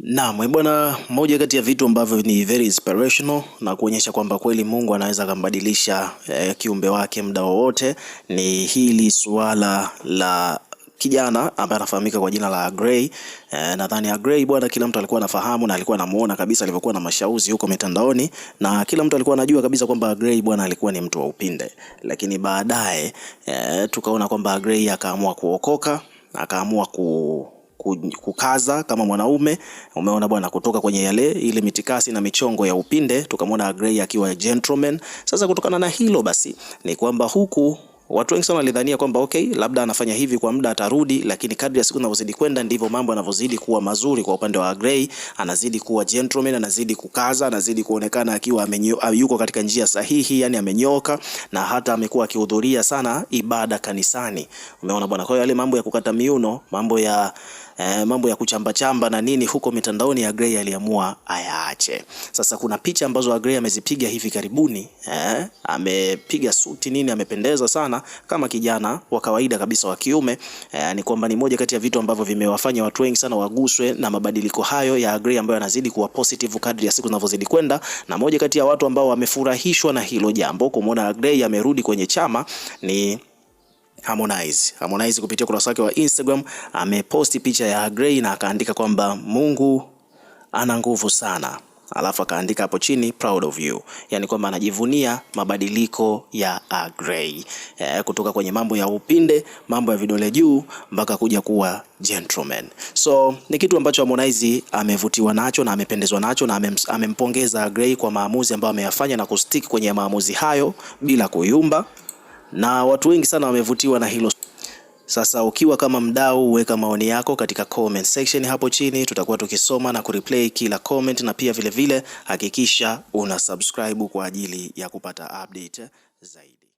Naam, eh, bwana, moja kati ya vitu ambavyo ni very inspirational na kuonyesha kwamba kweli Mungu anaweza akambadilisha eh, kiumbe wake muda wowote ni hili suala la kijana ambaye anafahamika kwa jina la Gray. E, eh, nadhani Gray bwana, kila mtu alikuwa anafahamu na alikuwa anamuona kabisa alivyokuwa na mashauzi huko mitandaoni, na kila mtu alikuwa anajua kabisa kwamba Gray bwana alikuwa ni mtu wa upinde, lakini baadaye eh, tukaona kwamba Gray akaamua kuokoka, akaamua ku kukaza kama mwanaume, umeona bwana, kutoka kwenye yale ile mitikasi na michongo ya upinde, tukamwona Gray akiwa gentleman. Sasa kutokana na hilo basi ni kwamba huku Watu wengi sana walidhania kwamba okay, labda anafanya hivi kwa muda atarudi, lakini kadri ya siku zinavyozidi kwenda ndivyo mambo yanavyozidi kuwa mazuri kwa upande wa Gray. Anazidi kuwa gentleman, anazidi kukaza, anazidi kuonekana akiwa yuko katika njia sahihi, yani amenyoka, na hata amekuwa akihudhuria sana ibada kanisani. Umeona bwana, kwa hiyo yale mambo ya kukata miuno, mambo ya Eh, mambo ya kuchamba chamba na nini huko mitandaoni ya Gray aliamua ayaache. Sasa kuna picha ambazo Gray amezipiga hivi karibuni eh, amepiga suti nini, amependeza sana kama, kijana wa kawaida kabisa wa kiume eh, ni kwamba ni moja kati ya vitu ambavyo vimewafanya watu wengi sana waguswe na mabadiliko hayo ya Agree ambayo yanazidi kuwa positive kadri ya siku zinavyozidi kwenda, na moja kati ya watu ambao wamefurahishwa na hilo jambo kumwona Agree amerudi kwenye chama ni Harmonize. Harmonize kupitia ukurasa wake wa Instagram ameposti picha ya Agree na akaandika kwamba Mungu ana nguvu sana alafu akaandika hapo chini proud of you, yani kwamba anajivunia mabadiliko ya Agrey ah, eh, kutoka kwenye mambo ya upinde, mambo ya vidole juu mpaka kuja kuwa gentleman. So ni kitu ambacho Harmonize amevutiwa nacho na amependezwa nacho na amempongeza Agrey kwa maamuzi ambayo ameyafanya na kustick kwenye maamuzi hayo bila kuyumba, na watu wengi sana wamevutiwa na hilo. Sasa ukiwa kama mdau, huweka maoni yako katika comment section hapo chini, tutakuwa tukisoma na kureplay kila comment, na pia vilevile vile, hakikisha una subscribe kwa ajili ya kupata update zaidi.